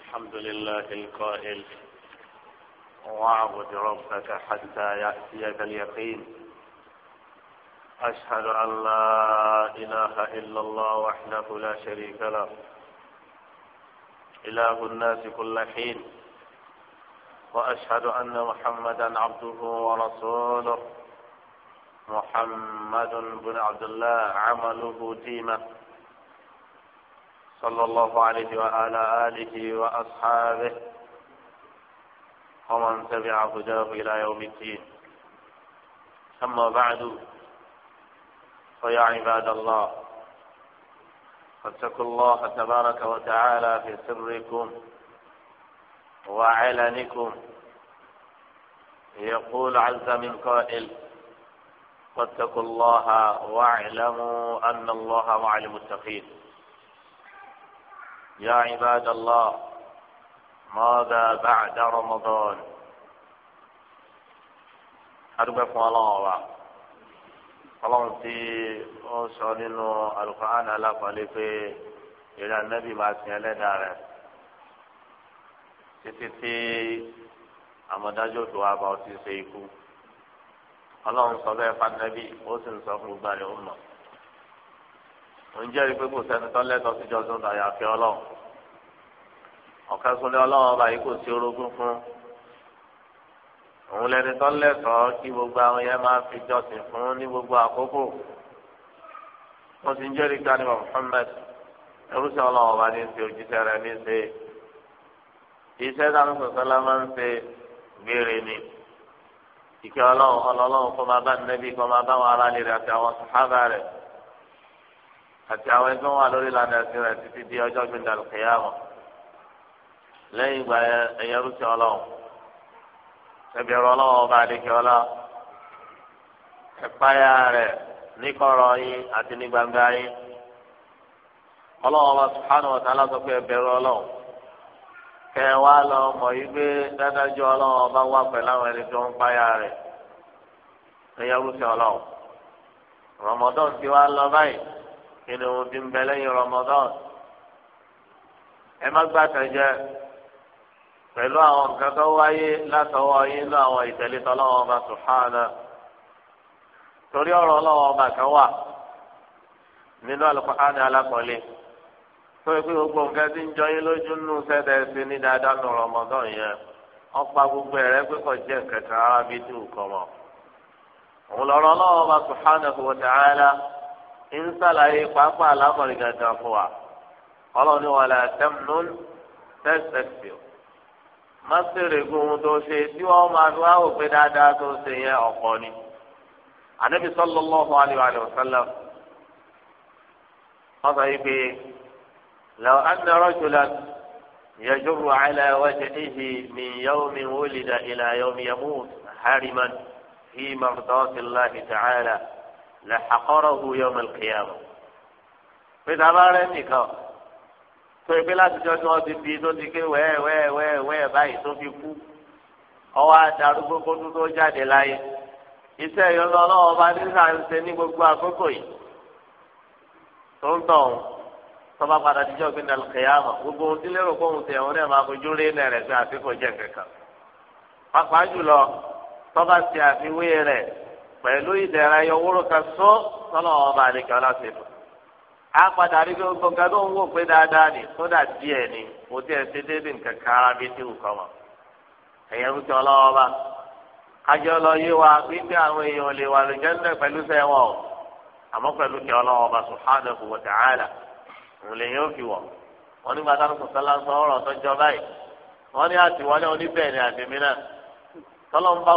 الحمد لله القائل واعبد ربك حتى يأتيك اليقين أشهد أن لا إله إلا الله وحده لا شريك له إله الناس كل حين وأشهد أن محمدا عبده ورسوله محمد بن عبد الله عمله ديمه صلى الله عليه وعلى آله وأصحابه ومن تبع هداه إلى يوم الدين أما بعد فيا عباد الله فاتقوا الله تبارك وتعالى في سركم وعلنكم يقول عز من قائل واتقوا الله واعلموا أن الله مع المتقين يا عباد الله ماذا بعد رمضان adúgbò fún ọlọ́run wa ọlọ́run tí ó sọ nínú alukur'an alákọ̀ọ́lé pé ìrìn anábì máa sin ti ṣe iku ọlọ́run sọ ó sì ń sọ fún òun jẹ́rìí pé kò sẹ́ni tó lẹ́tọ̀ọ́ sí jọ́sìn àyàfi ọlọ́run ọ̀kẹ́ súnlẹ̀ ọlọ́run ọba yìí kò sí orogún fún òun lẹni tó lẹ́tọ̀ọ́ kí gbogbo àwọn yẹn máa fi jọ́sìn fún ní gbogbo àkókò wọ́n ti ń jẹ́rìí ká ní bàbá Muhammad ẹrúsẹ̀ ọlọ́run ọba ní ṣe òjíṣẹ́ rẹ̀ ní ṣe iṣẹ́ táwọn sọ̀sọ́lá máa ń ṣe gbére ni ìkẹ́ ọlọ́run ọlọ́run kọ́ máa bá nẹ́bí kọ́ máa bá wọn aráàlú rẹ̀ àti àwọn sàhábà rẹ̀ àti àwọn ẹgbẹ́ wọn lórí ìlànà ẹ̀sìn rẹ̀ títí di ọjọ́ gbẹ̀dẹ̀ àlùkìyàmọ̀ lẹ́yìn ìgbà ẹ̀yẹ rúṣì ọlọ́run ẹ̀bí ọ̀rọ̀ ọlọ́run ọba àdékè ọlá ẹ̀páyà rẹ̀ níkọ̀rọ̀ yín àti ní gbangba yín ọlọ́run ọba subhanahu wa ta'ala sọ pé ẹ̀bí ọ̀rọ̀ ọlọ́run kẹ wá lọ mọ̀ yí pé dádájọ́ ọlọ́run ọba wà pẹ̀lú àwọn ẹni tó ń páyà rẹ̀ ẹ̀yẹ rúṣì ọlọ́run rọmọdọ́n ti wá lọ báyìí. kí ni òun i ń bẹ lẹ́yìn Ramadan ẹ má gbàtẹ́jẹ pẹ̀lú àwọn nǹkan tó wáyé látọwọ́ yín ní àwọn ìtẹ̀lé tọ́lọ́wọ́ ọba sùhánà torí ọ̀rọ̀ ọlọ́wọ́ ọba kan wà nínú Al-Qur'an tó yẹ pé gbogbo nǹkan ń jọ yín lójú nù ní dáadáa nù yẹn ń sàlàyé pàápàá alámọ̀rin gàgà fún wa ọlọ́ni wà láà tẹ́mùnún tẹ́sẹ̀sì má sèrè gun tó ṣe tí wọ́n máa fi wá òpin dáadáa tó ṣe yẹn ọ̀pọ̀ ni ànábi sallallahu alaihi wa sallam wọ́n sọ yìí pé làwọn anna rajulan yajurru ala wajhihi min yawmin wulida ila yawmi yamut hariman fi mardatillahi ta'ala lẹ akọrọhu yọmọ kìyàmù pété abáré nìkan tó ìpè láti jọ tí wọn ti bí tó ti ké wẹ́ẹ́ wẹ́ẹ́ wẹ́ẹ́ wẹ́ẹ́ báyìí tó fi kú ọwọ́ adarúgbó kótó tó jáde láyé iṣẹ́ ìyọnu ọlọ́wọ́ bá nígbà ń ṣe ní gbogbo àkókò yìí tó ń tọ̀ ọ́n tọ́ba padà díjọ́ gbé nàlù kẹyàmọ̀ gbogbo ohun tí lérò pé òun tẹ̀ ọ́n rẹ̀ máa fojú rí nà rẹ̀ pé àfikún jẹ́ kankan pàápàá jùlọ tọ́ba ti àfiwé rẹ̀ pẹ̀lú ìdẹ̀ra yọwúrò kan sọ sọ́nà ọba àdìgẹ́ a padà rí pé gbogbo nǹkan tó ń wò pé dáadáa ni sódà díẹ̀ ni kò ẹ̀ ṣe nǹkan kára bí tí mọ̀. ń ọlọ́wọ́ bá kájọ lọ yé wa wípé àwọn èèyàn lè wà pẹ̀lú sẹ́wọ̀n o àmọ́ pẹ̀lú ọlọ́wọ́ bá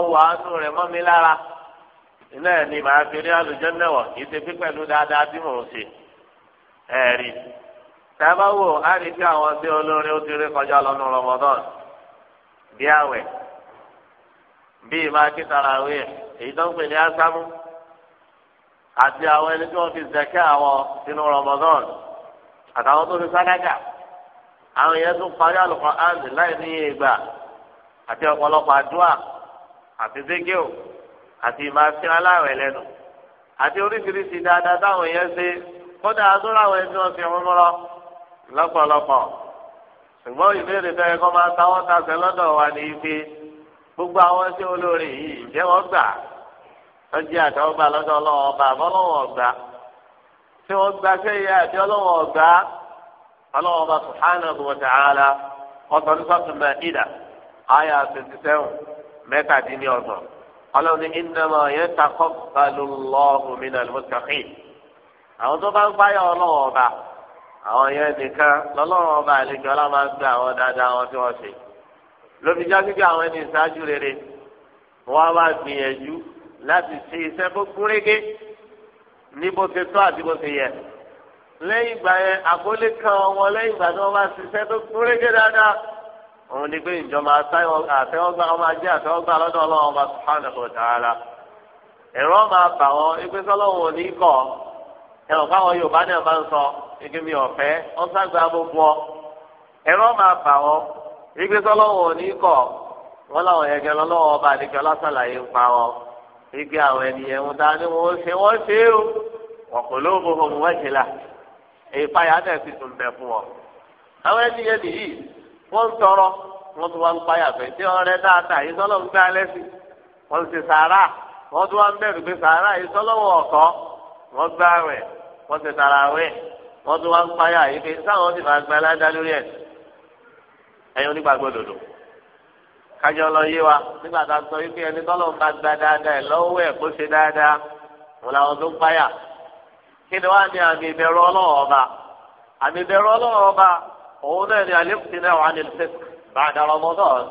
òun lè iná ẹ̀ ni màá fi rí àlùjànnà wọ̀ kì í ṣe pé pẹ̀lú dáadáa tí mò ń ṣe ẹ̀rí. sábà wò á rí bí àwọn tí olórin ó ti rí kọjá lọ́nu Ramadan bí àwẹ̀ bí ìmáa kí tarawih èyí tó ń pè ní ásámú àti àwọn ẹni tí wọ́n fi zẹ̀kẹ́ àwọn sínú Ramadan àtàwọn tó fi sádágà àwọn yẹn tún parí Al-Qur'an láì níye ìgbà àti ọ̀pọ̀lọpọ̀ àdúrà àti zikir. àti ìmáa fi aláwẹ̀ lẹ́nu àti oríṣiríṣi dáadáa táwọn èèyàn ṣe kódà adúláwọ̀ ẹni wọn fi wọn lọ́pọ̀lọpọ̀ ṣùgbọ́n ìbéèrè fẹ́ẹ́ kọ́ máa táwọn tasẹ̀ lọ́dọ̀ wa ní ibi gbogbo àwọn ṣé olóore yìí ìjẹ́ wọ́n gbà wọ́n jẹ́ lọ́dọ̀ ọlọ́wọ́ ọba àbọ̀ ọlọ́wọ́ ọ̀gbà tí wọ́n gbà àti ọlọ́wọ́ ọ̀gbà ọlọ́wọ́ ọba subhanahu wa ta'ala ọ̀sán ní sọ́tún mẹ́ẹ̀ẹ́dà áyà twenty seven mẹ́tàdínlọ́gbọ̀n. ọlọ́run ní ìnáwó yẹn takọ́ balùwọ́ọ̀hún mi náà lọ́tàkì. àwọn tó bá ń gbáyà ọlọ́wọ́ ọba àwọn yẹn nìkan lọ́lọ́wọ́ ọba àlejò ọlọ́mọ gbé àwọn dáadáa wọn tí wọ́n ṣe. lóbi já gbígbé àwọn ẹni ìṣáájú rere wọ́n wá gbìyànjú láti ṣe iṣẹ́ tó kúrégé ní bó ṣe tó àti bó ṣe yẹ. lẹ́yìn ìgbà yẹn àkólé kan wọn lẹ́yìn ìgbà tí wọ́n bá ṣiṣẹ́ tó kúrégé dáadáa òun ni pé ìjọba àtẹ́wọ́gbà ọmọ ajé àtẹ́wọ́gbà lọ́dọ̀ ọlọ́run ọba subhanahu wa ta'ala ẹ̀rọ máa bà wọ́n na sọ́lọ́wọ́n ní kọ́ ẹ̀rọ káwọn yorùbá náà máa ń sọ ẹgbẹ́ mi ọ̀fẹ́ ọ̀sàgbà gbogbo ọ ẹ̀rọ máa bà wọ́n ẹgbẹ́ sọ́lọ́wọ́n ní kọ́ wọ́n láwọn ẹ̀gẹ́ lọ́wọ́ ọba àdìgbẹ́ lásàlàyé ń pa wọn ẹgbẹ́ àwọn ènìyàn ń ta ni ṣe ṣe é o wọ́n ń tọrọ wọ́n tún wá ń payà fẹ́ tí ọrẹ dáadáa yìí sọ́lọ́ ń gbé alẹ́ sí wọ́n ti sàárà wọ́n tún wá ń bẹ̀rù pé sàárà yìí sọ́lọ́wọ́ ọ̀kọ́ wọ́n gbá rẹ̀ wọ́n ti tara rẹ̀ wọ́n tún wá ń payà yìí pé sáwọn ti máa gba aládá lórí ẹ̀ ẹ̀yin onígbàgbọ́ dòdò kájọ lọ yé wa nígbà tá a sọ wípé ẹni tọ́lọ́ ń bá gba dáadáa ẹ̀ lọ́wọ́ ẹ̀ kó ṣe dáadáa wọn làwọn tó payà kí ni wàá ní àmì ìbẹ̀rù ọlọ́wọ́ ọba àmì ìbẹ̀rù ọlọ́wọ́ ọba òun náà ni al-imtinā'u 'an al-fisq ba'da Ramadan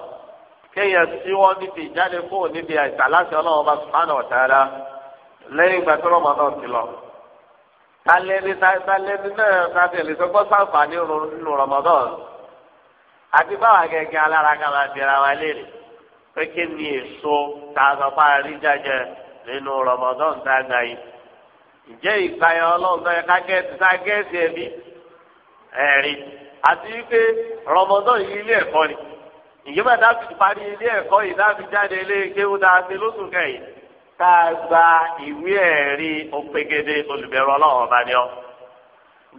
kéèyàn síwọ́ níbi ìjáde kúrò níbi àìsàn láti ọlọ́run bá subhanahu wa ta'ala lẹ́yìn ìgbà tó Ramadan ti lọ. talẹ́ni talẹ́ni náà tàbí ẹ̀lẹ́sọ́gbọ́ sàǹfààní nínú Ramadan àti báwa gẹ́gẹ́ alára kan máa fi ara wa léèrè pé kí ni èso tá sọ fún àárín jájẹ nínú Ramadan tá a gbà yìí. ǹjẹ́ ìgbà yẹn ọlọ́run náà àti wípé yi yìí ilé ẹ̀kọ́ ni ìjọba dábì parí ilé ẹ̀kọ́ yìí dábì jáde ilé a ṣe lóṣù kẹyìn tá gba ìwé ẹ̀rí òpegede olùbẹ̀rọ ọlọ́run ọba ni ọ.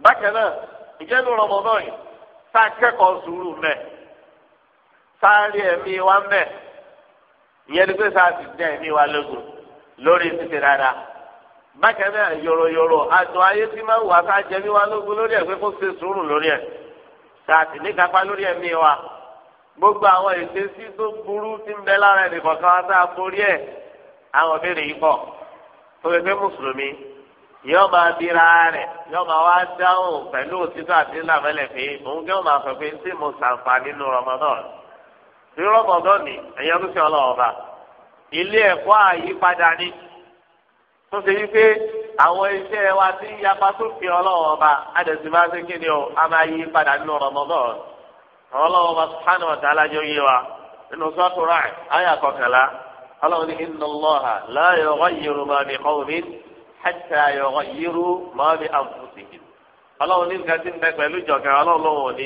bákan náà ìjẹ́nu rọmọdọ́ yìí tá kẹ́kọ̀ọ́ sùúrù mẹ́ wa mẹ́ ìyẹn pé wa lórí títí dáadáa bákan náà ayé tí máa ká wá lógun lórí tá a sì ní kápá lórí ẹ̀mí wa gbogbo àwọn ìṣesí tó burú ti ń bẹ lára ẹnìkan kan tá a borí ẹ̀ àwọn òbí rèé pọ̀ tó fi pé mùsùlùmí yóò máa bíra rẹ̀ yóò máa wá dáhùn pẹ̀lú òtítọ́ àti làmẹ́lẹ̀ pé òun kẹ́ ò máa sọ pé tí mo ṣàǹfààní nínú Ramadan tí Ramadan ni ẹ̀yẹ́ ló ṣe ọlọ́ọ̀ba ilé ẹ̀kọ́ àyípadà ni. tó ṣe wípé àwọn iṣẹ́ wa ti ń yapa sófin ọlọ́wọ́ ọba àdẹ̀sí máa ṣe kí ni o a máa yí padà nínú Ramadan ọlọ́wọ́ ọba subhanahu wa ta'ala yé wa nínú sọ́ọ̀tù Ra'd àyá kọkànlá ọlọ́wọ́ ní inna Allaha la yughayyiru ma bi ma bi anfusihim ọlọ́wọ́ ní nǹkan ọlọ́wọ́ ní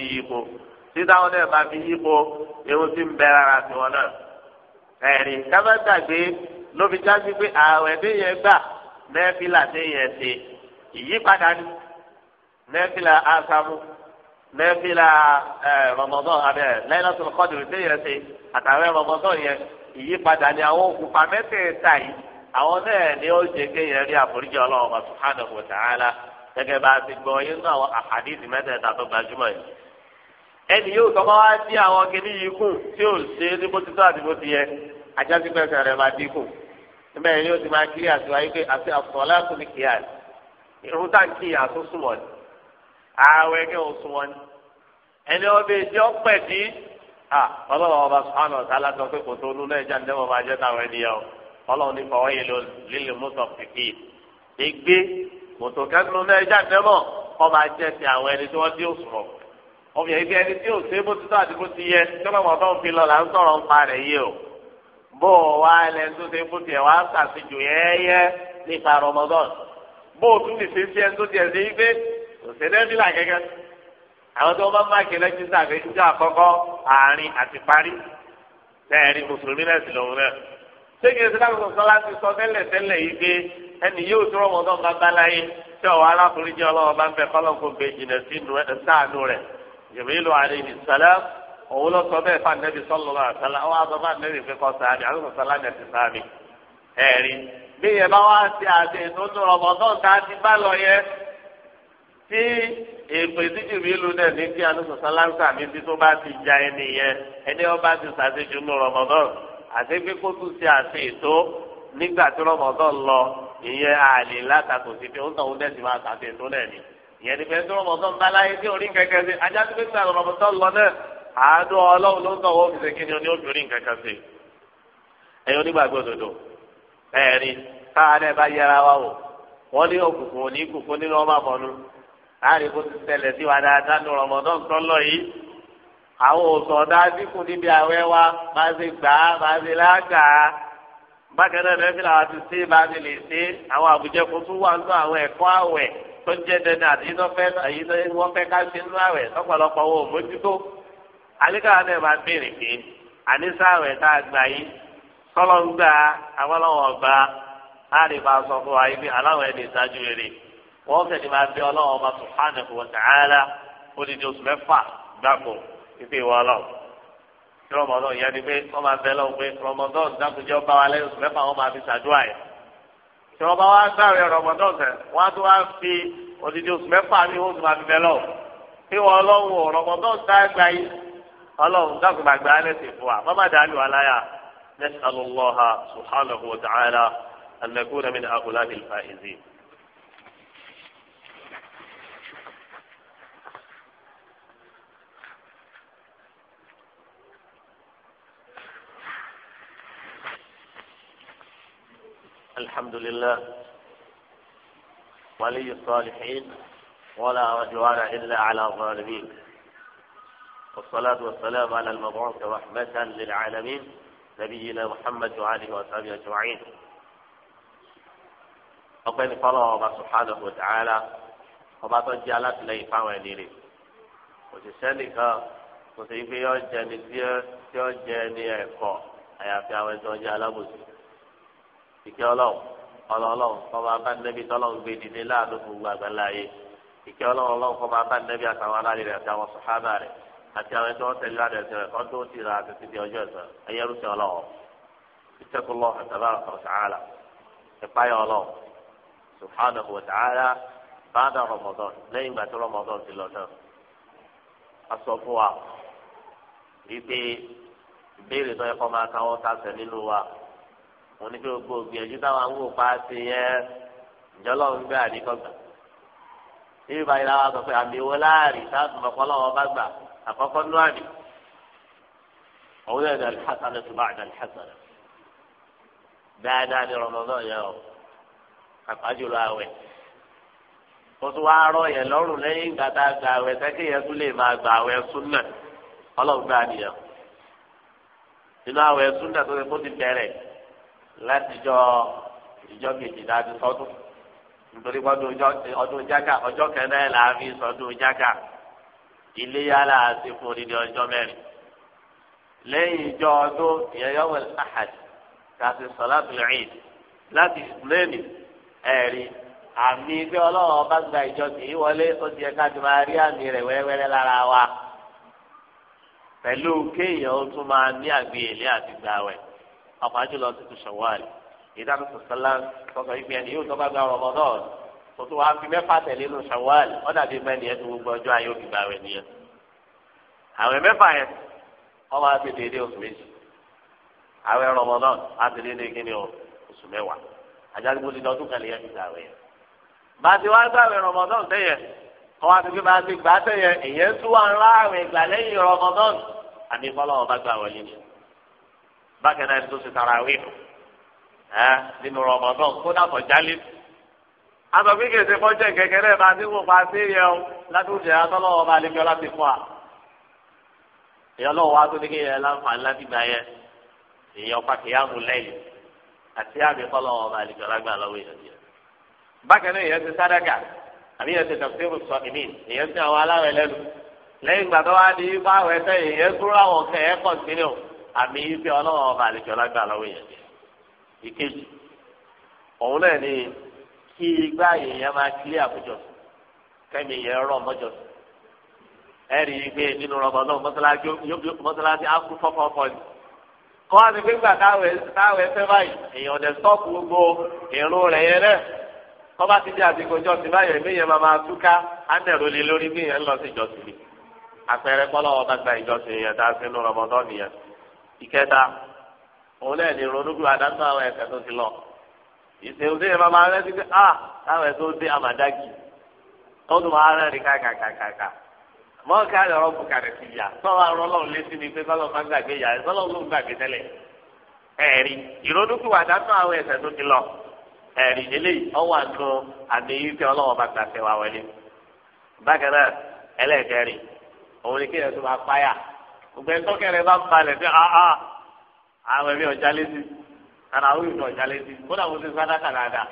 ti ń nẹ́fìlà téèyàn ṣe ìyípadà ni nẹ́fìlà asamu nẹ́fìlà Ramadan abẹ Lailatul Qadr téèyàn ṣe àtàwọn Ramadan yẹn ìyípadà ni àwọn òkùnfà mẹ́tẹ̀ẹ̀ta yìí àwọn náà ni ó jẹ kéèyàn rí àforíjì Ọlọ́run subhanahu wa ta'ala gẹ́gẹ́ bá a ti gbọ́ yín náà àwọn àhàdìsì mẹ́tẹ̀ẹ̀ta tó gbajúmọ̀ yìí ẹnì yóò tọ́ máa wá sí àwọn kìnnìyí kù tí ò ṣe é ní bó ti tó àti bó ti yẹ ajá pẹ́sẹ̀ rẹ̀ máa dínkù bẹ́ẹ̀ ni ó ti máa kiri àti wáyé pé àti àfọlá tó ní kíá irun tá n kí àtún súnmọ́ ni ààwẹ̀ ní òun súnmọ́ ni ẹni ọbẹ ìjọ pẹ ní ọlọ́run ọba sùhánù ọ̀tá aláṣọ pé kò tó lulẹ̀ ẹja ǹdẹ́wọ̀ máa jẹ́ táwọn ènìyàn o ọlọ́run ní fọwọ́ yìí lílì mọ́tò kìkì ìgbé mọ́tò kẹ́nu náà ẹja ǹdẹ́mọ̀ kọ́ máa jẹ́ ti àwọn ẹni tí wọ́n dé òṣùwọ̀n ọmọ ẹni tí ò sé bó ti tó àti ti yẹ kí wọ́n mọ̀ tó ń ń sọ̀rọ̀ ń pa rẹ̀ yìí o bó o wá lẹ́nu tó ṣe fún tiẹ̀ wá ṣàṣejù yẹ́yẹ́ nípa rọmọdọ́n bó o tún lè ṣe sí ẹni tó tiẹ̀ ṣe ife kò ṣe lẹ́bí là gẹ́gẹ́ àwọn tó bá máa kẹlẹ́ ti sàgbé jíjọ àkọ́kọ́ àárín àti parí tẹ́ẹ̀rí mùsùlùmí náà sì lòun náà ṣé kìí ṣe láti sọ láti sọ tẹ́lẹ̀ tẹ́lẹ̀ yìí pé ẹni yóò tún rọmọdọ́n bá bá láyé tí ọ̀wọ́ alákùnrin jẹ́ ọlọ́wọ́ bá ń bẹ kọ́lọ́kùn salam òun lọ sọ bẹ́ẹ̀ fún anabi sọlọ lọ àtàlà ọwọ àbọ fún anabi fẹ kọ sáà mi àwọn sọ sọlá ní ẹsẹ sáà mi ẹẹri bí yẹn bá wá sí àti ìtúntún rọmọdún tá a ti bá lọ yẹ tí èpè títí mi lu náà ní kí àwọn sọ sọlá ń sàmì bí tó bá ti ja ẹni yẹn ẹni wọn bá ti sàṣejù nù rọmọdún àti pé kó tún ṣe àti ètò nígbà tí rọmọdún lọ ìyẹn àlè látàkùn sí pé ó ń tọ̀ ọ́n máa sàṣe ètò náà ni ìyẹn ni pé rọmọdún bá láyé tí orí kẹkẹ àádọ́ ọlọ́run ló ń tọ̀ wọ́n fi ṣe kíni oní obìnrin kankan sí i ẹ̀yin onígbàgbọ́ òdodo ẹ̀rin káàdé bá yẹra wa wò wọ́n ní òkùnkùn òní kùkùn nínú ọmọ àmọ́nu láàrin kó ti ṣẹlẹ̀ sí wa dáadáa ní rọmọdán tó lọ yìí àwọn òsòdá dínkù níbi àwẹ̀ wa máa ṣe gbà á máa ṣe láàgà á bákan náà lẹ́fí làwọn ti ṣe máa ṣe lè ṣe àwọn àbújẹ kó tún wà nínú àwọn ẹ̀kọ́ àwẹ̀ tó ń jẹ́ dandan àti yìí tó fẹ́ ká ṣe nínú àwẹ̀ lọ́pọ̀lọpọ̀ wọn ò mójútó àlékàwá náà máa béèrè pé ànísàwẹ̀ tá a gbà yìí tọ́lọ́ ń gbà àwọn ọlọ́wọ́ gbà á lè máa sọ fún wa yìí pé aláwọ̀ ẹ̀ lè ṣáájú rere wọ́n fẹ̀lẹ́ máa bẹ ọlọ́wọ́ ọba subhanahu wa ta'ala ó di di oṣù mẹ́fà gbàgbọ́ ìpè ìwọ ọlọ́wọ́ tí rọmọdún yẹn ni pé wọ́n máa bẹ lọ́wọ́ pé rọmọdún dákúnjẹ́ ọba wa lẹ́yìn oṣù mẹ́fà wọ́n máa fi ṣàdúrà yẹn tí wọ́n bá wá sáré wọ́n á tún wá fi odidi oṣù mẹ́fà ní oṣù máa fi bẹ lọ́wọ́ pé wọ́n ọlọ́wọ́ rọmọdún tá gbà yìí ọlọ́run dákun gbàgbé alẹ́ sì fún wa bàbá dàálù aláya nẹ́sàlú lọ́ha subhanahu wa ta'ala anagúnna mi ní akọlá ní ìfà ìzì. الحمد لله ولي الصالحين ولا رجوان إلا على الظالمين والصلاة والسلام على المبعوث رحمة للعالمين نبينا محمد وآله وصحبه أجمعين أقول فالله الله سبحانه وتعالى وما تجعلت لي فاوين لي وتسألك وتيبي يوجد يوجد يكو àyàfi àwọn ẹjọ ọjà alábòsí ìkẹ́ ọlọ́run ọlọ́run kọba abánẹbí tọlọ́run gbé dìde láàánú gbogbo àgbáláyé ìkẹ́ ọlọ́run ọlọ́run kọba abánẹbí àtàwọn aláàrẹ rẹ àti àwọn sọhábà rẹ àti àwọn ẹ̀ṣọ́ tẹ̀lé adé ẹ̀ṣẹ̀ rẹ̀ kọ́ tó ti ra àti ti ọjọ́ ẹ̀ṣẹ̀ ẹ̀yẹ rúṣẹ̀ ọlọ́wọ́ ìtẹ́kùlọ́ àtàbàrà ọ̀ṣàhálà ìpáyà lẹ́yìn ìgbà tí ti lọ a fún wa ìbéèrè tó yẹ kọ́ máa káwọ́ nínú wa ní kí gbogbo gbìyànjú táwọn ti yẹ gbé àkọ́kọ́ nú àmì ọ̀hún ẹ̀dá alḥasana tó bá àdá alḥasana dáadáa ní Ramadan o àpájùlọ àwẹ̀ kó tó wá rọ yẹn lọ́rùn lẹ́yìn ìgbà tá a gba àwẹ̀ sẹ́kẹ́ yẹn tún lè máa gba àwẹ̀ súnà ọlọ́gbà nìyẹn iléyà láàásì fún odidi ọjọ́ mẹ́rin lẹ́yìn ìjọ ọdún ìyẹn yọwọ́ ahad kàti sọlábìlì ẹ̀ẹ́d láti ìsúlẹ̀mì ẹ̀rí àmì pé ọlọ́wọ́ bá gba ìjọ kì í wọlé ó ti ẹ̀ka ti máa rí àmì rẹ̀ wẹ́rẹ́wẹ́rẹ́ lára wa pẹ̀lú kéèyàn ó tún máa ní àgbéyèlé àti gbàwẹ̀ ọkọ̀ àjùlọ tuntun ṣọ̀wọ́ọ̀lì ìdáhùn sọ̀sọ́lá tọkọ̀ ìgbẹ́ni yóò tọ́ bá gba rọmọdọ́ọ̀lù kò tó wàá fi mẹ́fà tẹ̀lé nù sawal ọ̀dà bíi mẹ́ni ẹ̀ tó gbogbo ọjọ́ ayé òbí bá rẹ̀ nìyẹn. àwẹ̀ mẹ́fà yẹn wọ́n máa ti dédé oṣù méjì àwẹ̀ rọmọdán á ti dédé kíni o oṣù mẹ́wàá àjálù gbòdì lọ́dún kan lè yẹn ti gbà wẹ̀ bá a ti wá gbà àwẹ̀ rọmọdán sẹ́yẹ wọ́n á ti fi máa ti gbà sẹ́yẹ èyẹ tún wà ńlá àwẹ̀ gbà lẹ́yìn rọmọdán àbí náà aṣọ bí kèsè kọjá kékeré bá ti wò pa sí yẹ o látúndì atọ́lọ́wọ́ bá lè fi ọlá ti fún wa èèyàn lọ́wọ́ wa tó ní kí yẹn láǹfààní láti gbà yẹ èèyàn pa kìí àmú lẹ́yìn àti àmì kọ́lọ́wọ́ bá lè fi ọlá gbà lọ́wọ́ èèyàn yẹn. bákan náà èèyàn ti sádàkà àbí èèyàn ti dọ̀kítẹ́rù sọ ìmí èèyàn ti àwọn aláwẹ̀ lẹ́nu lẹ́yìn ìgbà tó wá di ipá àwẹ̀ tẹ́ èèyàn tó kí igba èèyàn máa kílé àkójọ kẹ́mi yẹn rọ̀ ọrọ ẹ̀rí gbé nínú rọ̀bọ̀ náà mọ́sálásí akú fọ́fọ́fọ́ ni kọ́ àti gbígbà táwọn ẹsẹ̀ báyìí èèyàn ọ̀dẹ̀ sọ́ọ̀kù gbogbo ìrún rẹ̀ yẹn náà kọ́ bá ti di àsìkò ìjọsìn báyìí ẹ̀mí yẹn máa máa túká lé lórí bí yẹn lọ sí ìjọsìn mi àpẹẹrẹ kọ́lọ́wọ́ bá gba ìjọsìn yẹn tá a fi nínú rọ̀bọ̀ nìyẹn ìkẹta òun náà ronúgbò ìṣèlú yẹn máa máa rántí pé a ah, táwọn ẹ̀sọ́ dé àmàdágì ó tún máa rẹ́rìn kàkàkàkà mọ́ ká lọ́rọ́ bu kàrẹ̀ sí ìyá sọ́wọ́ àrùn ọlọ́run létí ni pé sọ́lọ́ máa gbàgbé ìyá rẹ̀ ń gbàgbé ìrònúkú wà àwọn tó ti lọ eléyìí àmì yìí tẹ bá gbà bákan náà òun ni tó máa páyà gbogbo bá ń sí ah, ah, àwọn ara awo ìtọ̀ ìjà létí kódà mo ti sádàkà dáadáa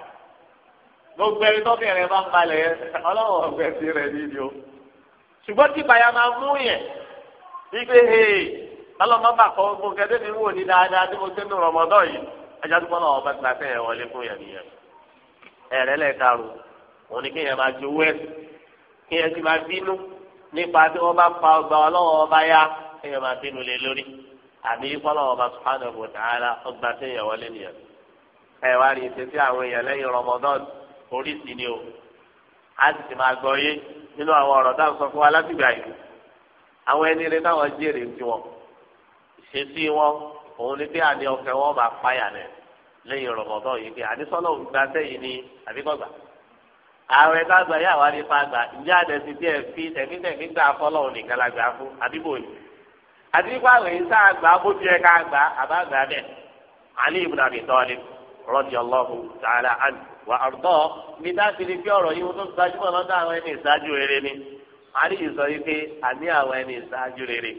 gbogbo ẹni tọ́kì rẹ bá ń balẹ̀ ọlọ́wọ́ ọ̀gbẹ́ sí rẹ nídìí o ṣùgbọ́n tí ìbáyà máa mú yẹn wípé hee ọlọ́mọ bá kọ́ gbogbo kẹ́tẹ́ mi wò ní dáadáa tí mo ti ń rọmọdọ́ yìí ajá tó kọ́nà ọba gba fẹ́ wọlé fún yẹn nìyẹn ẹ̀rẹ́ lẹ̀ karùn òun ni kéèyàn máa jowó ẹ̀ kéèyàn sì máa bínú nípa tí wọ́n bá pa ọgbà ọlọ́wọ́ ọba yá kéèyàn máa bínú lé lórí àbí kọ́lọ́wọ́ bá subhanahu wa ta'ala ọgbà tí èèyàn wọlé nìyẹn. ẹ wá rí ìṣe sí àwọn èèyàn lẹ́yìn Ramadan oríṣi ni o a sì ti máa gbọ́ yé nínú àwọn ọ̀rọ̀ táwọn sọ fún wa látìgbà yìí àwọn ẹni rẹ táwọn jèrè ń tiwọn ìṣesí wọn òun ni pé àní ọ̀fẹ́ wọn máa páyà rẹ̀ lẹ́yìn Ramadan yìí pé àdísọ́lọ́ ògbà sẹ́yìn ni àbíkọ́gbà ààrẹ kágbà yà wá nípa àgbà ìjà àdẹ̀sí díẹ̀ fi tẹ̀mítẹ̀mí àti nípa àwọn èyí sáà gbà á bójú ẹ ká gbà á àbá gbà á bẹ Ali ibn Abi wà ọ̀dọ́ mi dá sí ni yìí tó ni Ali yìí sọ yìí pé àní àwọn ẹni rere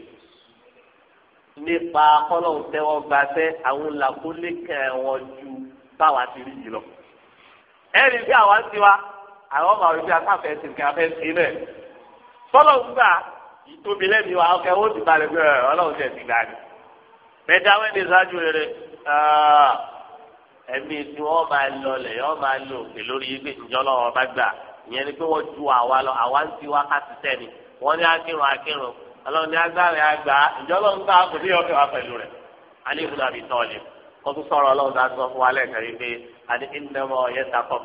nípa tẹ́wọ́ àwọn ju báwa ti rí yìí lọ. àwa ń tiwa àwọn ọmọ àwọn ìtóbi lẹ́mìí wa ọkẹ́ ó ti balẹ̀ pé ọlọ́run tẹ̀ sí gbàgbé bẹ́ẹ̀ni àwọn ẹni ṣáájú rere ah, ẹ̀mí tí wọ́n máa lọ lẹ̀ yọ́ máa lò pé lórí ibi ìjọlọ́ wọn bá gbà ìyẹn ni pé wọ́n ju àwa lọ àwa ń ti wákàtí sẹ́ni wọ́n ní akírun akírun ọlọ́run ní agbára àgbà ìjọlọ́ ń gbà kò ní ọkẹ́ wa pẹ̀lú rẹ̀ alẹ́kùn àbí tọ́lẹ̀ kó tún sọ̀rọ̀ ọlọ́run tá sọ fún wa lẹ́ẹ̀kan pé adé ìnáwó yẹn ta kọ́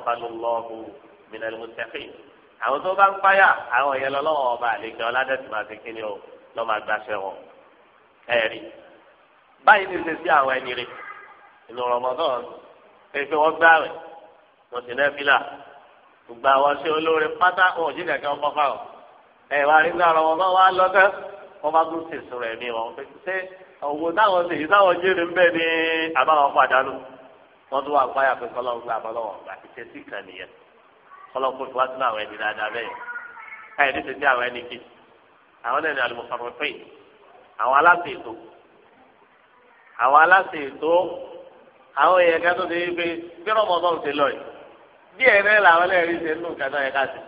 àwọn tó bá ń páyà àwọn yẹn lọ́wọ́ ọba àlejò ọládẹ́sì máa ti kíni o lọ́ máa gbaṣẹ́ wọn ẹ̀rí báyìí ní ṣe sí àwọn ẹni rẹ̀ inú rọmọdán pépé wọ́n gbá rẹ̀ wọ́n sì náà fílà gbogbo àwọn ṣé olóore pátá wọn ò jí kẹ̀kẹ́ wọn kọ́fà o ẹ̀ wá rí ní rọmọdán wọn á lọ tẹ́ wọ́n bá tún ṣe sùn rẹ̀ mí wọn ṣé òwò táwọn ṣe yìí táwọn jèrè ń bẹ̀ ní àbáwọn pàdánù wọ́n tún wà páyà pé kọ́lọ́ kọlọ́kùn tó wá sínú àwọn ẹni dáadáa bẹ́ẹ̀ káyọ̀ ní ti sí àwọn ẹni kejì àwọn náà ní alùpùpàrọ̀fẹ́ àwọn aláṣẹ ètò àwọn aláṣẹ ètò àwọn èèyàn kan tó ti rí pé bí rọmọdún ti lọ yìí bí ẹ̀rẹ́ làwọn ẹlẹ́rìí ṣe nù kàtà yẹn káàsì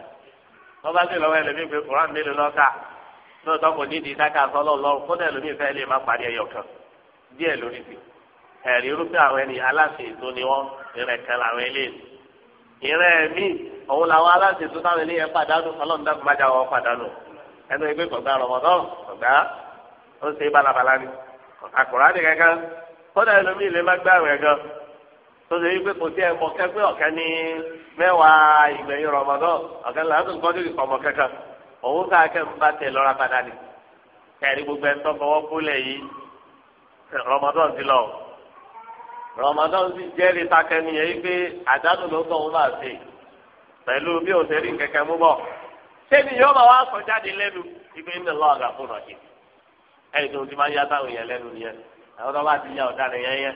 wọ́n bá sì lọ́wọ́ ẹlẹ́mìí pé kùrán mi lè lọ́kà lóòótọ́ kò ní ìdíjà ká sọ́lọ́ lọ́rùn kódà ẹlòmíì fẹ́ lè má parí ẹni aláṣẹ mi òun làwọn aláṣẹ tó táwọn eléyẹn pàdánù ọlọ́run dákun má já wọn pàdánù ẹnu ìgbé kọ̀gbá rọmọdán kọ̀gbá ó ṣe balabala ni àkùrá ni kankan kódà ẹlòmíì lè má gbá rẹ̀ gan tó ṣe wípé kò sí ẹ̀mọ kẹ́gbẹ́ ọ̀kẹ́ ní mẹ́wàá ìgbẹ̀yìn rọmọdán ọ̀kẹ́ làásùn kọ́dù ìkọ̀mọ̀ kankan òun káàkẹ́ ń bá tẹ̀ lọ́ra padà ni kẹ́rì gbogbo ẹ̀ńtọ́ fọwọ́ kúlẹ̀ yìí rọmọdán ti lọ rọmọdán ti jẹ́rìí takẹ́ni yẹn wípé àdánù ló tọ́ pẹ̀lú bí o ṣe rí kẹ̀kẹ́ mú bọ̀ ṣé ni yóò máa wá sọ jáde lẹ́nu ibi ń lọ ọ̀gá fún ọ̀jẹ̀ ẹ̀yìn tó ti máa yá táwọn èèyàn lẹ́nu nìyẹn àwọn tó bá ti yá ọ̀daràn yẹn yẹn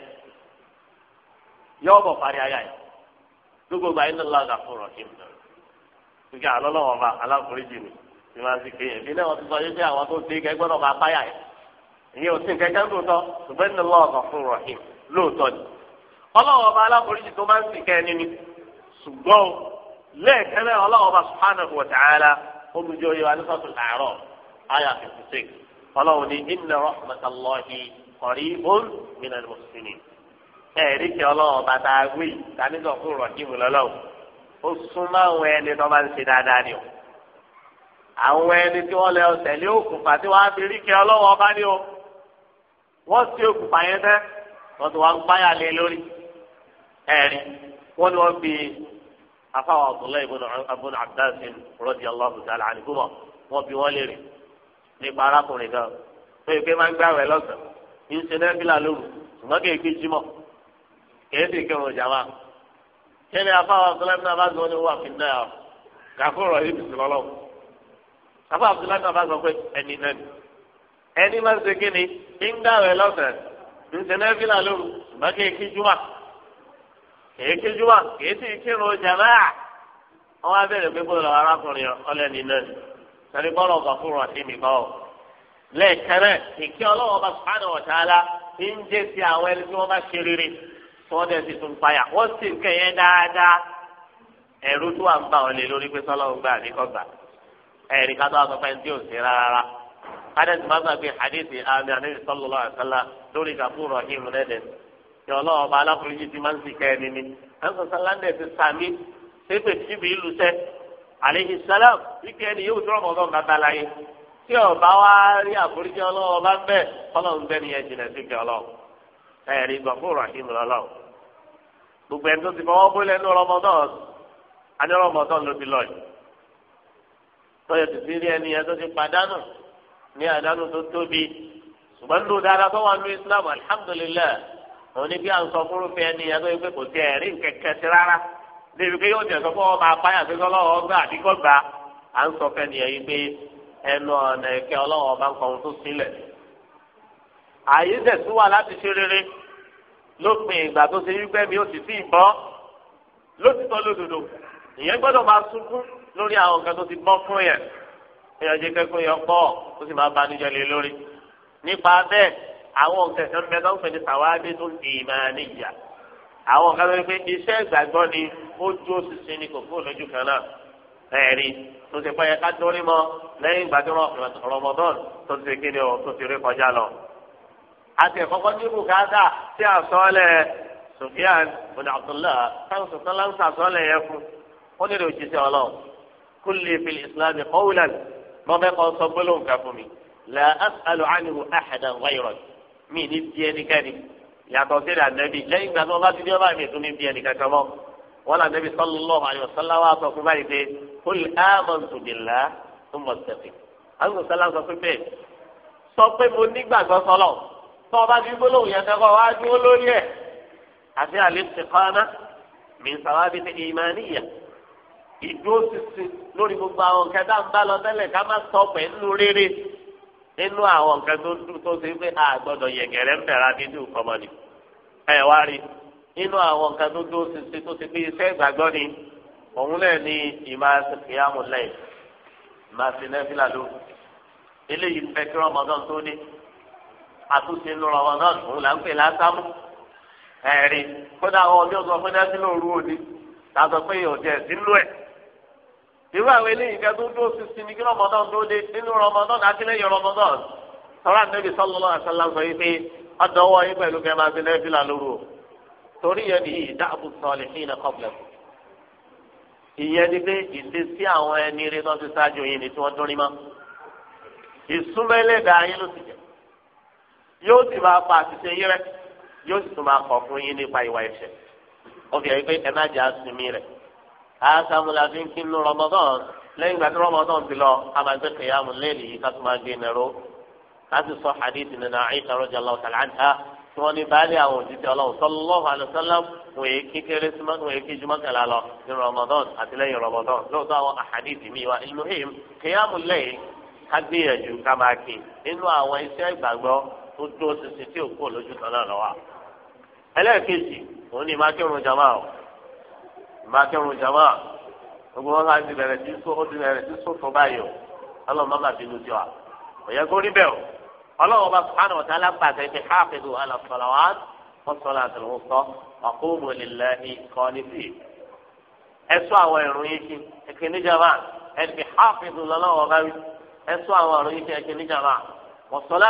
yóò bọ̀ parí ayá yìí fún ni ti máa ti bí náà ti sọ yé pé àwọn tó kẹ́ gbọ́dọ̀ máa lẹ́ẹ̀kan náà ọlọ́run bá subhanahu wa ta'ala olùjọ yẹ alifásù làárọ̀ àyà fifty six ọlọ́run ní inna rahmatallahi qaribun minal muslimin. ẹ̀ẹ́dì kí ọlọ́run ta wí tanítọ̀ fún rọ̀kìmù àwọn ẹni tí òkùnfà tí á fi rí kí o. wọ́n ti òkùnfà yẹn tẹ́ wọ́n ti wá ń páyà lé lórí. ẹ̀rí wọ́n afáwọn abdullahi ibùdó abdulhasin rọdí aláhùn sàlẹ àdìgúnmọ wọn bí wọn léèrè nípa arákùnrin kan tó yẹ pé máa ń gbàwẹ̀ lọ́sàn ń ṣe nẹfìlà lóru ṣùgbọ́n kì í kí jímọ̀ kì í sì kírun jàmá kíni afáwọn abdullahi ibùdó abáṣọ ni wà fi náà gàfúrò yìí bìsí lọlọ afáwọn abdullahi ibùdó abáṣọ pé ẹni náà ni ẹni máa ń ṣe kíni ń gbàwẹ̀ lọ́sàn ń ṣe nẹfìlà lóru ṣùgbọ́n kì í kí jímọ̀. èyí kí jùmọ kìí kírun jàmáà wọn wá bẹ̀rẹ̀ pé bóyá arákùnrin ọlẹni náà sọrí bọlọ ọgbà fún rọtí mi bọ lẹ́ẹ̀kẹrẹ ìkí ọlọ́wọ́ bá sùpánù ọ̀tá la ń jẹ́ sí àwọn ẹni tí wọ́n bá ṣe rere tí wọ́n dẹ̀ tún payà wọ́n sì ń dáadáa ẹ̀rú tó wà ń wọn lé lórí pé ká tó wà tí ò kí ọlọ́run ọba aláforíjì ti máa ń sì kẹ́ ẹni ni ẹ̀sán sálándẹ̀ ti sàmì ṣépè síbi ìlú sẹ́ àlehi sálám wípé ẹni yóò tó ọmọ ọlọ́run bàbá láyé tí ọba wa rí àforíjì ọlọ́run ọba ń bẹ̀ ọlọ́run bẹ́ẹ̀ ni ẹ jìnà sí kẹ́ ọlọ́run ẹ̀rí gbọ̀ngàn rahim lọ́lọ́run gbogbo ẹni tó ti fọwọ́ bó lẹ́nu rọmọdọ́n àní rọmọdọ́n ló ti lọ yìí tọ́yọ̀ ti fi rí ẹni yẹn tó ti padánù Islam alhamdulilayi òun ni bí à ń sọ fún rúfin ẹni yẹn tó yẹ pé kò tẹ ẹ̀rí kẹ̀kẹ́ sí rárá débi pé yóò tẹ̀sọ́ fún ọmọ apáyà pé ọlọ́wọ́ gbà àdíkọ́ gbà à ń sọ fẹ́ni yẹn yìí pé ẹnu ọ̀nà ẹ̀kẹ́ ọlọ́wọ́ bá ń kọ ohun tó sílẹ̀. àyè tẹ̀sùn wà láti ṣe rere lópin ìgbà tó ṣe wípé mi ò sì sí ìbọn lótìtọ́ lódodo ìyẹn gbọ́dọ̀ máa sunkún lórí àwọn nǹkan tó ti bọ́ fún yẹn ẹ̀yọ́jẹ́ kẹ́kọ̀ọ́ yẹn pọ̀ ó sì máa banújẹ́ lé lórí nípa bẹ́ẹ̀ àwọn kẹsàn-án bẹ tó ń pè ní sàwábí tó di ìmọ̀-àníyà àwọn kan wípé iṣẹ́ ìgbàgbọ́ ni ó dúró ṣinṣin ní kò fún lójú kan náà ẹ̀rí tó ti pẹ́yẹ ká dórí mọ́ lẹ́yìn ìgbà tó rọmọdọ́n tó ti kéde ọ̀ tó ti rí kọjá lọ. àti ẹ̀kọ́kọ́ ní bùkátà tí a sọ lẹ̀ Sufyan bin Abdullah táwọn sọ̀tàn láǹsà sọ lẹ̀ yẹ fún ó nílò òjíṣẹ́ ọlọ́run kulli fil islam qawlan mọ́mẹ́kọ̀ sọ gbólóhùn kan fún mi la mí ní bí ẹnikẹ́ni yàtọ̀ sí ànábì lẹ́yìn ìgbà tí wọ́n bá ti bí ọba mi tún ní bí ẹnikẹ́kẹ́ mọ́ wọn là ànábì sallallahu alaihi wasallam sọ fún báyìí pé qul amantu billahi thumma istaqim àwọn sọlá sọ fún bẹ́ẹ̀ sọ pé mo nígbàgbọ́ sọlọ tó ọba ti gbólóhùn yẹn kẹ́kọ̀ọ́ wá dúró lórí ẹ̀ àti al-istiqama min sawabit al-imaniyya ìdúró sísìn lórí gbogbo àwọn kẹta ń bá lọ tẹ́lẹ̀ ká má sọ pẹ̀ rere nínú àwọn nǹkan tó ń dùn tó ṣe pé a gbọ́dọ̀ yẹ̀gẹ̀rẹ̀ ń bẹ̀rẹ̀ abídú kọ́mọ ni ẹ wá rí nínú àwọn nǹkan tó tó ṣe tó ṣe pé iṣẹ́ ìgbàgbọ́ ni òun náà ni ìmáṣẹ́fìyàmù lẹ́yìn ìmáṣẹ́nẹ́fìlà ló eléyìí ń bẹ kí rọmọdán tó ní àtúnṣe ní rọmọdán òun là ń pè lásámù ẹ̀rí kódà àwọn ọdún ọgbọ̀n fúnẹ́sì lóru òní làtọ̀ pé òjẹ̀ sínú ẹ̀ irú àwọn eléyìí kẹ́ tó dúró sísìn ní kí rọmọdán tó dé nínú rọmọdán akílẹ̀yìn rọmọdán sọ̀rọ̀ àdébí sọ́lọ́lọ́ àṣàlá sọ yìí pé ọ̀dọ́wọ́ yín pẹ̀lú kẹ́ máa ṣe lẹ́fìlà lóru o torí yẹn nìyí ìdáàbò sọ̀lì fún ilẹ̀ kọ́pìlẹ̀ ìyẹn ni pé ìdí sí àwọn ẹni rí tó ti ṣáájú yìí ni tí wọ́n dúrí mọ́ ìsúnmẹ́lẹ̀ dà yín ló ti jẹ yóò sì máa pa àṣìṣe yín rẹ yóò sì àásámú la fi ń kí nínú rọmọdán lẹ́yìn ìgbà tí rọmọdán ti lọ abàgbé kìyàmù lẹ́yìn yìí ká tó máa gbé nàró láti sọ hadith nínú Aisha radiyallahu ta'ala anha tí wọ́n ní baálé àwọn òjíṣẹ́ ọlọ́run sallallahu alaihi wasallam wọ́n yé kí kérésìmọ́ wọ́n yé kí jùmọ́kànlá lọ ní rọmọdán àti lẹ́yìn rọmọdán lóòótọ́ àwọn hadith mi wa ilmuhim kìyàmù lẹ́yìn ká gbìyànjú ká máa kí nínú àwọn iṣẹ́ ìgbàgbọ́ tó dúró ṣinṣin tí òkú òlójú kan náà lọ wa. ẹlẹ́ẹ̀kejì òun ni máa kírun ìbá kẹrùn jama gbogbo wọn láti bẹ̀rẹ̀ sí so ó ti bẹ̀rẹ̀ sí so tó báyìí o ọlọ́run má bàa bínú sí wa kò yẹ kó rí bẹ́ẹ̀ o ọlọ́run bá sùpánù ọ̀tá alápàtà ẹ̀fẹ̀ háàfẹ́dù alàfọlàwà fọ́sọ̀lá àtàlùwọ̀ sọ ọ̀kọ́ọ̀mù nílẹ̀ ní kọ́ni sí i ẹ sọ àwọn ìrun yìí kí ẹ̀kẹ́ níjàmá ẹ̀fẹ̀ háàfẹ́dù lọ́lọ́wọ́ bá wí ẹ sọ àwọn ìrun yìí kí ẹ̀kẹ́ níjàmá fọ́sọ̀lá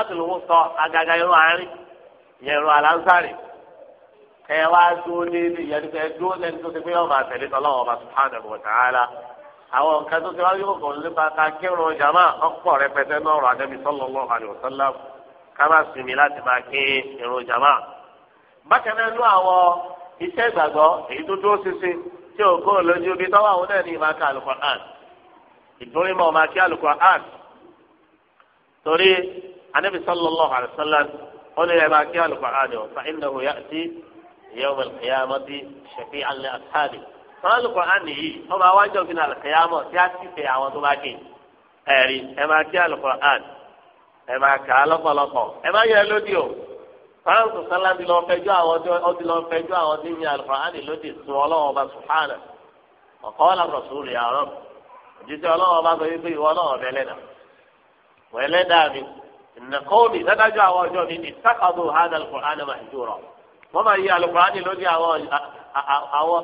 ẹ wá dúró léde ìyẹn tó ẹ dúró lẹni tó ti pé ọmọ àtẹlẹ tọlọ́run ọba subhanahu wa ta'ala àwọn nǹkan tó ti wá yóò kàn nípa ká kírun jàmá ọ̀pọ̀ rẹpẹtẹ náà rọ àdẹbí sallallahu alaihi wasallam ká má sinmi láti máa kí irun jàmá. bákan náà nú àwọn iṣẹ́ ìgbàgbọ́ èyí tó dúró ṣinṣin tí ò kó lójú ibi tọ́wọ́ àwọn náà ní ìmọ̀ ká Al-Qur'an ìtòrí ní ẹ máa kí Al-Qur'an yawm al-qiyamati shafi'an li ashabi sọ́nà lùkọ́ àná yìí ọba awájọ́ fi ní al-qiyamah tí a ti fẹ́ àwọn tó bá ké ẹ̀rí ẹ máa kí al-Qur'an ẹ máa kà á lọ́pọ̀lọpọ̀ ẹ máa yẹ lódì o fáńsù sálá ti lọ fẹjọ́ àwọn ọdún lọ fẹjọ́ àwọn tí ń yẹ al-Qur'an lódì sun ọlọ́wọ́n ọba sùhánà ọ̀kọ́ wọn làbọ̀ sùúrù yà rọ̀ òjijì ọlọ́wọ́n ọba sọ wípé ìwọ ọlọ́wọ́n bẹ́lẹ́dà wẹ́lẹ́dà mi ìnàkóòmì dádájọ́ àwọn ọjọ́ mi ní sákàdù hàn al-Qur'an mahjura wọ́n máa yí alukurani lódì àwọn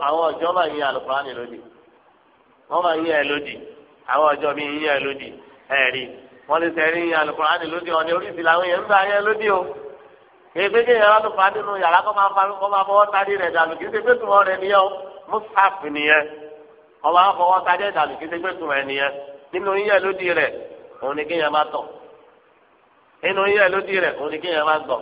àwọn ọjọ́ máa yí alukurani lódì wọ́n máa yí ẹ lódì àwọn ọjọ́ mi yí ẹ lódì ẹ̀rí wọ́n lè sẹ́rí yí alukurani lódì ọ̀nà oríṣi làwọn yẹn ń bá yẹn lódì o èpè kí yàrá tó fa nínú yàrá kó máa fa kó máa fọwọ́ tadé rẹ̀ dànù kí sèpé tùmọ̀ rẹ̀ nìyẹn o mustaf nìyẹn kó máa fọwọ́ tadé dànù kí sèpé tùmọ̀ rẹ̀ nìyẹn nínú yíyẹ lódì rẹ̀ òun ni kéèyàn máa tọ̀ nínú yíyẹ lódì rẹ̀ òun ni kéèyàn máa gbọ̀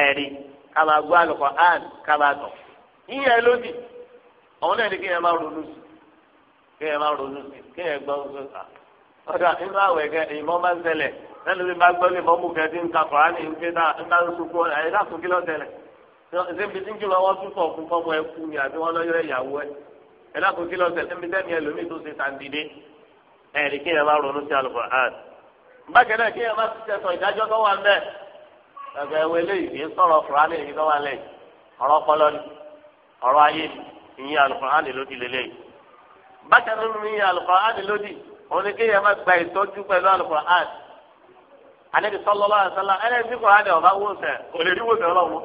ẹ̀rí ká máa gbọ́ àlùkò àn ká máa tọ̀ ìyẹn lódì àwọn náà ní kéèyàn máa ronú sí kéèyàn máa ronú sí kéèyàn gbọ́ ọ̀sán ká ọ̀dà inú àwẹ̀ kẹ ìmọ̀ máa ń ṣẹlẹ̀ lẹ́nu bí máa gbọ́ lè mọ́ tí ń ka ní náà ń sunkún ẹ̀dá fún kí lọ́tẹ̀lẹ̀ ṣébi tí ń kí lọ wọ́n tún sọ̀ fún fọ́mọ ẹkú mi ìyàwó ẹ̀ ẹ̀dá fún kí lọ́tẹ̀lẹ̀ ẹgbẹ́ ẹwẹ́ léyìí kì í sọ̀rọ̀ kùránì èyí lọ́wọ́ lẹ́yìn ọ̀rọ̀ ọpọlọ ni ọrọ ayé ìyẹn alùkùránì lódì lélẹ́yìn. bákan náà ní alùkùránì lódì má gba ìtọ́jú pẹ̀lú alùkùránì. àlejò sọlọ́lá àṣálà ẹlẹ́sìn kùránì ọ̀bá wòsàn kò lè rí wòsàn ọlọ́wọ́.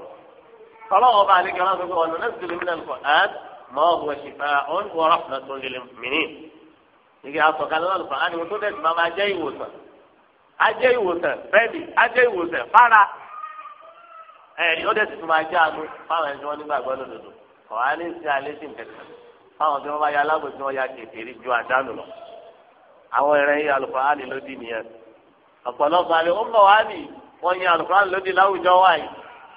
ọlọ́wọ́ bá àlejò ọlọ́wọ́ ọ̀nà nẹ́sìlẹ̀ mi alùkùránì mọ́ ṣì ẹ̀rí ó dẹ̀sí tó máa jẹ́ àánú fáwọn ẹni tí wọ́n nígbàgbọ́ lòdòdò ọ̀hán ní sí alẹ́ sí nǹkan fáwọn tí wọ́n bá ya alábòsí wọn ya kẹfìrí ju àdánù lọ. àwọn ẹ̀rẹ́ yìí Al-Qur'ani lódì nìyẹn ọ̀pọ̀lọpọ̀ àlẹ́ ó mọ̀ wáá nì wọ́n yẹ Al-Qur'ani lódì láwùjọ wáyé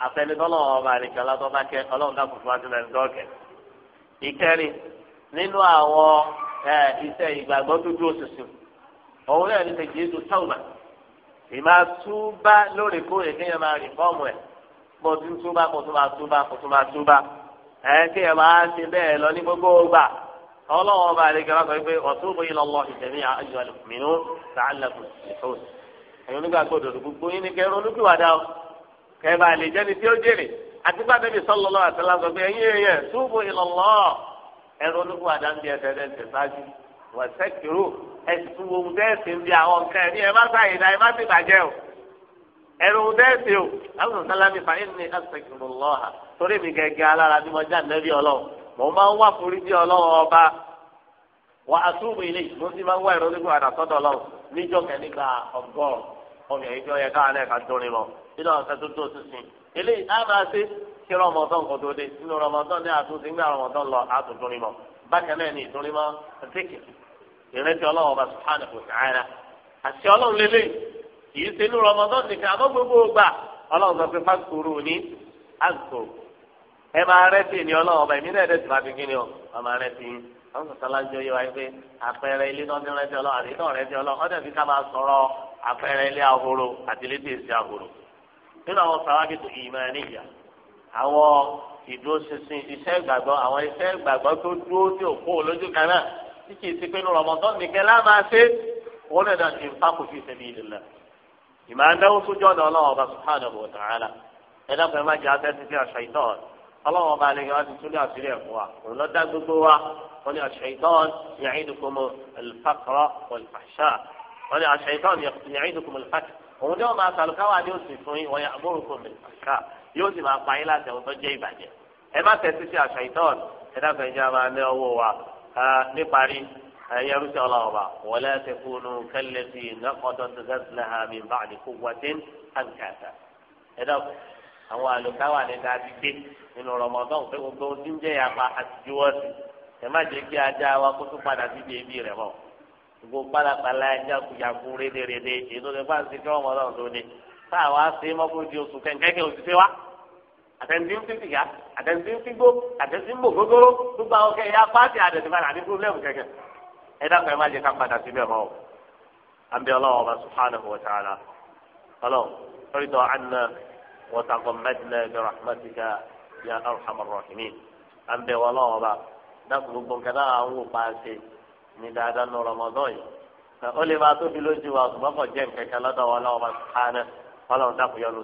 àfẹnitọ́lọ́wọ́ ọba àlejò alábọ́bákẹ́ ọlọ́run dàpọ̀ fún ìkẹrin nínú àwọn kó tún túbà gbogbo gbà ọlọ́wọ́ ọba àlejò wa sọ pé ọ̀túnbó yìí lọ́wọ́ ìtẹ̀mí àjọ àlùmínú sàálàkùn ìfòs ẹ̀yin onígbàgbọ́ òdòdó gbogbo yín ni kẹrin olúkúwàdà o kẹfà lè jẹni tí ó jèrè àti bá bẹbí sọlọ lọ àtàlà sọ pé ẹ̀yin èèyàn túbò ìlọlọ ń bí ohun ẹrù dẹ́sẹ̀ o àwọn sàlámì fàyín ní torí mi gẹ́gẹ́ alára bí wọ́n já nẹ́bí ọlọ́run mò máa ń wá ọba wà á túbú ilé mo sì máa ń wá ìrọ́lẹ́gbẹ̀ wà dàtọ́dọ̀ ọlọ́run níjọ́ kẹ́nìkà ọgọ́rùn ọmọ yẹn jọ yẹ káwọn ẹ̀ka dúnrin lọ sísìn kí kò tó dé ní lọ mọ bákan kìí ṣe ní rọmọdún nìkan àmọ́ gbogbo gbà ọlọ́run sọ pé fásitì ní àgùkò ẹ máa rẹ́tì ní ọlọ́run ọba ìmílẹ̀ ẹ̀dẹ́sì máa fi kí ni ọ ọmọ rẹ́tì yín àwọn sọ̀tàn lájọ yẹ wáyé pé àpẹẹrẹ ilé náà ti rẹ́tì ọlọ́run àti náà rẹ́tì ọlọ́run ọdẹ fi ká máa sọ̀rọ̀ àpẹẹrẹ ilé ahoro àti ilé tèèsì ahoro nínú àwọn sàwábì tó yìí máa níyà àwọn ìdúróṣinṣin iṣẹ́ ìgbàgbọ́ àwọn iṣẹ́ ìgbàgbọ́ tó dúró tí ò kó olójú kan náà tí kì í ti pinnu rọmọdún nìkan lá máa ṣe wọn lè dàn ní nfa kò fi ṣe ìlú náà ìmọ̀ adáwó sójú ọ̀dọ̀ ọlọ́run ọba subhanahu wa ta'ala ẹ dákun ẹ má jẹ́ atẹ́tí sí aṣọ ìtọ́n ọlọ́run ọba alẹ́ wa ti túlẹ̀ àṣírí ẹ̀ fún wa òun ló dá gbogbo wa wọ́n ní aṣọ ìtọ́n ya'idukum al-faqra wal-fahsha wọ́n ní aṣọ ìtọ́n ya'idukum al-faqra òun ní wọ́n ẹ̀yẹ rúṣà ọlọ́ọ̀bà wọlé tẹkùnú kẹlẹ́sì nàkọ́dọ̀ tẹ̀síláhà mi bá ní kó wọ́tí àǹkàtà. ẹ dọ́kun àwọn àlùkáwà ní ká ti gbé nínú rọmọdún pé gbogbo ohun tí ń jẹ́ yàpá àti juwọ́ sí ẹ má jẹ́ kí ajá wa kó tún padà sí ibi èbí rẹ̀ mọ́ gbogbo pálapàla ẹja kùyàkú rédèrèdè èdè tó bá ń ṣe fẹ́ ọmọdún tó ní táwa ṣe mọ́kòdì oṣù kẹ̀kẹ́kẹ́ òṣìṣẹ́ wa àtẹ̀sí ń tìtì yá àtẹ̀sí ń tìgbó àtẹ̀sí ń bò gógóró gbogbo àwọn kẹ̀yà pàṣẹ àdẹ̀sí ẹ dákun ẹ má jẹ ká padà síbẹ̀ mọ́ o àbí ọlọ́wọ́ ọba subhanahu wa ta'ala ọlọ́wọ́ rírọ àná wọ́tàkọ̀mẹ́tìlẹ̀ rahmatika ya arhamar rahimin àbí ọlọ́wọ́ ọba dákun gbogbo nǹkan náà àwọn òpá ṣe ní dáadáa ní rọmọdọ́ yìí ó lè máa tóbi lójú wa ṣùgbọ́n kò jẹ́ nǹkan lọ́dọ̀ ọlọ́wọ́ ọba subhanahu ọlọ́run dákun yọ́nú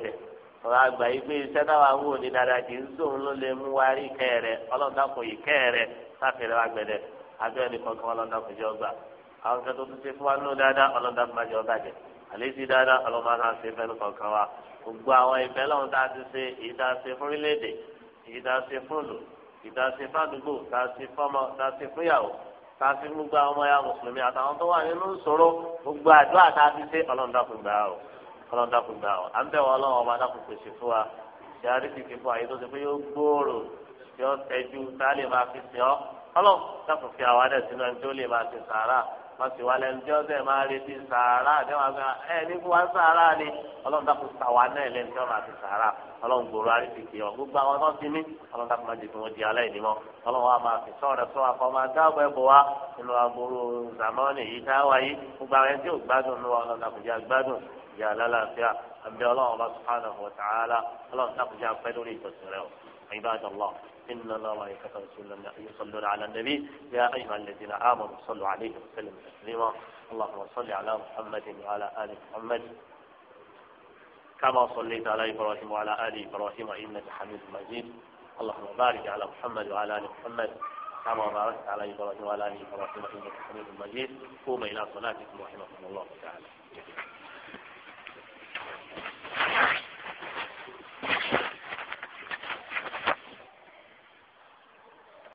sí wa o ọ̀rọ̀ àgbà yìí pé iṣẹ́ náà wà ń wò ní dáadáa kì í sóun ló lè mú wa rí ìkẹ́ rẹ ọlọ́dàkùn ìkẹ́ rẹ sáfìrẹ́ wa gbẹ̀dẹ̀ abẹ́ nìkankan ọlọ́dàkùn jẹ́ ọgbà àwọn kẹtọ́ tó ṣe fún wa nínú dáadáa ọlọ́dàkùn má jẹ́ ọgbà jẹ́ àlejò dáadáa ọlọ́mọ náà ṣe fẹ́ nìkankan wa gbogbo àwọn ìfẹ́ lọ́hùn tá a ti ṣe èyí tá a ṣe fún orílẹ̀ gbogbo àwọn ọmọ ya mùsùlùmí àtàwọn tó wà nínú ìṣòro gbogbo àdúrà tá a ti ṣe ọlọ́run dákun gbà á o ọlọ́run dákun gbà ọ́ à ń bẹ̀ wọ́n ọlọ́run ọba dákun pèsè fún wa ṣe àríṣìkì fún àyè tó ti pé yóò gbòòrò tí ó tẹ́jú tá a lè máa fi sìn ọ́ ọlọ́run dákun fi àwa náà sínú ẹni tó lè máa fi sàárà má sì wá lẹ́nu tí ó sẹ́ máa retí sàárà àdéhùn àgbà ẹ ní fún wa sàárà ni ọlọ́run dákun sàwa náà lẹ́nu tí ó máa fi sàárà ọlọ́run gbòòrò àríṣìkì ọ̀ gbogbo àwọn tó ti ní ọlọ́run dákun má jẹ́ kí wọ́n di alẹ́ ìdímọ́ ọlọ́run wa máa fi sọ́ọ̀rẹ́ sọ́ wa kọ́ máa dáàbò ẹ̀bọ̀ wa nínú agbóró zamani yìí táwa yìí gbogbo àwọn ẹni tí ò gbádùn ní jẹ́ alálàáfíà àbí ọlọ́run bá subhanahu wa ta'ala ọlọ́run náà kò jẹ́ apẹ́ lórí عباد الله إن الله وملائكته يصلون على النبي يا أيها الذين آمنوا صلوا عليه وسلم تسليما اللهم صل على محمد وعلى آل محمد كما صليت على إبراهيم وعلى آل إبراهيم إنك حميد مجيد اللهم بارك على محمد وعلى آل محمد كما باركت على ابراهيم وعلى ال ابراهيم انك حميد مجيد قوم الى صلاتكم رحمكم الله تعالى Thank you.